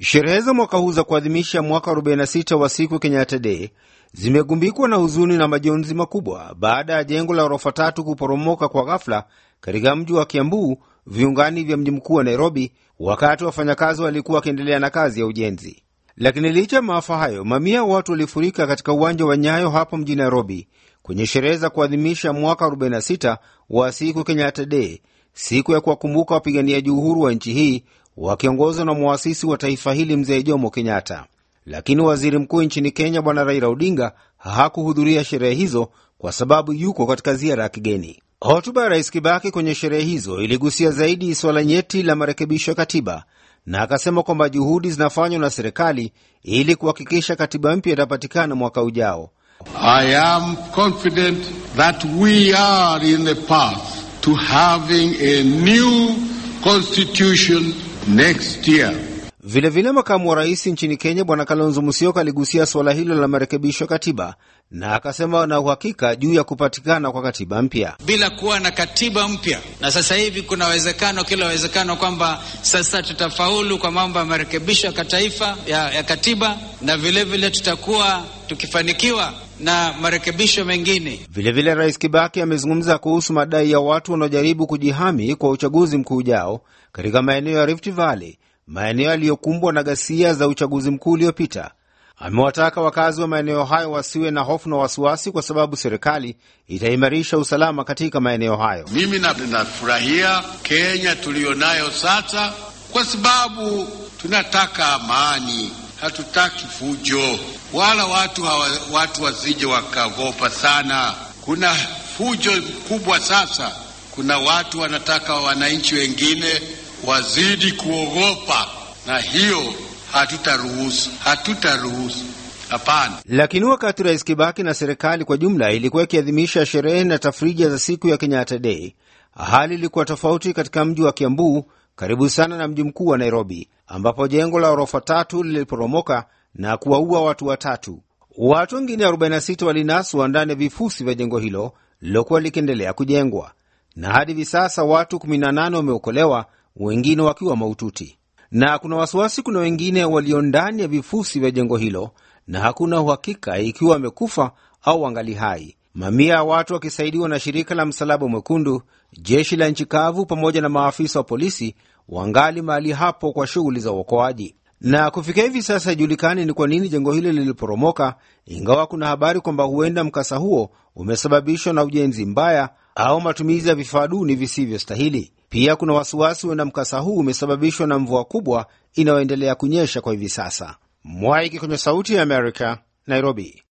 Sherehe za mwaka huu za kuadhimisha mwaka 46 wa siku Kenyatta Day zimegumbikwa na huzuni na majonzi makubwa baada ya jengo la ghorofa tatu kuporomoka kwa ghafla katika mji wa Kiambu, viungani vya mji mkuu wa Nairobi, wakati wafanyakazi walikuwa wakiendelea na kazi ya ujenzi. Lakini licha ya maafa hayo, mamia ya watu walifurika katika uwanja wa Nyayo hapa mjini Nairobi kwenye sherehe za kuadhimisha mwaka 46 wa siku Kenyatta Day, siku ya kuwakumbuka wapiganiaji uhuru wa nchi hii wakiongozwa na mwasisi wa taifa hili mzee Jomo Kenyatta. Lakini waziri mkuu nchini Kenya bwana Raila Odinga hakuhudhuria sherehe hizo kwa sababu yuko katika ziara ya kigeni. Hotuba ya Rais Kibaki kwenye sherehe hizo iligusia zaidi swala nyeti la marekebisho ya katiba na akasema kwamba juhudi zinafanywa na serikali ili kuhakikisha katiba mpya itapatikana mwaka ujao. I am confident that we are in the path to having a new constitution next year. Vilevile makamu wa rais nchini Kenya bwana Kalonzo Musyoka aligusia suala hilo la marekebisho ya katiba na akasema na uhakika juu ya kupatikana kwa katiba mpya. Bila kuwa na katiba mpya, na sasa hivi kuna uwezekano, kila uwezekano kwamba sasa tutafaulu kwa mambo ya marekebisho ya, ya, ya katiba, na vilevile vile tutakuwa tukifanikiwa na marekebisho mengine. Vilevile, Rais Kibaki amezungumza kuhusu madai ya watu wanaojaribu kujihami kwa uchaguzi mkuu ujao katika maeneo ya Rift Valley, maeneo yaliyokumbwa na ghasia za uchaguzi mkuu uliopita. Amewataka wakazi wa maeneo hayo wasiwe na hofu na wasiwasi, kwa sababu serikali itaimarisha usalama katika maeneo hayo. Mimi ninafurahia Kenya tuliyonayo sasa, kwa sababu tunataka amani hatutaki fujo, wala watu hawa, watu wasije wakagopa sana. Kuna fujo kubwa sasa, kuna watu wanataka wananchi wengine wazidi kuogopa, na hiyo hatutaruhusu, hatutaruhusu. Hapana. Lakini wakati Rais Kibaki na serikali kwa jumla ilikuwa ikiadhimisha sherehe na tafrija za siku ya Kenyatta Day, hali ilikuwa tofauti katika mji wa Kiambu karibu sana na mji mkuu wa Nairobi, ambapo jengo la ghorofa tatu liliporomoka na kuwaua watu watatu. Watu wengine 46 walinaswa ndani ya vifusi vya jengo hilo lilokuwa likiendelea kujengwa, na hadi hivi sasa watu 18 wameokolewa, wengine wakiwa mahututi, na kuna wasiwasi kuna wengine walio ndani ya vifusi vya jengo hilo, na hakuna uhakika ikiwa wamekufa au wangali hai. Mamia ya watu wakisaidiwa na shirika la Msalaba Mwekundu, jeshi la nchi kavu, pamoja na maafisa wa polisi wangali mahali hapo kwa shughuli za uokoaji. Na kufikia hivi sasa haijulikani ni kwa nini jengo hilo liliporomoka, ingawa kuna habari kwamba huenda mkasa huo umesababishwa na ujenzi mbaya au matumizi ya vifaa duni visivyostahili. Pia kuna wasiwasi huenda mkasa huu umesababishwa na mvua kubwa inayoendelea kunyesha kwa hivi sasa. Mwaiki kwenye Sauti ya Amerika, Nairobi.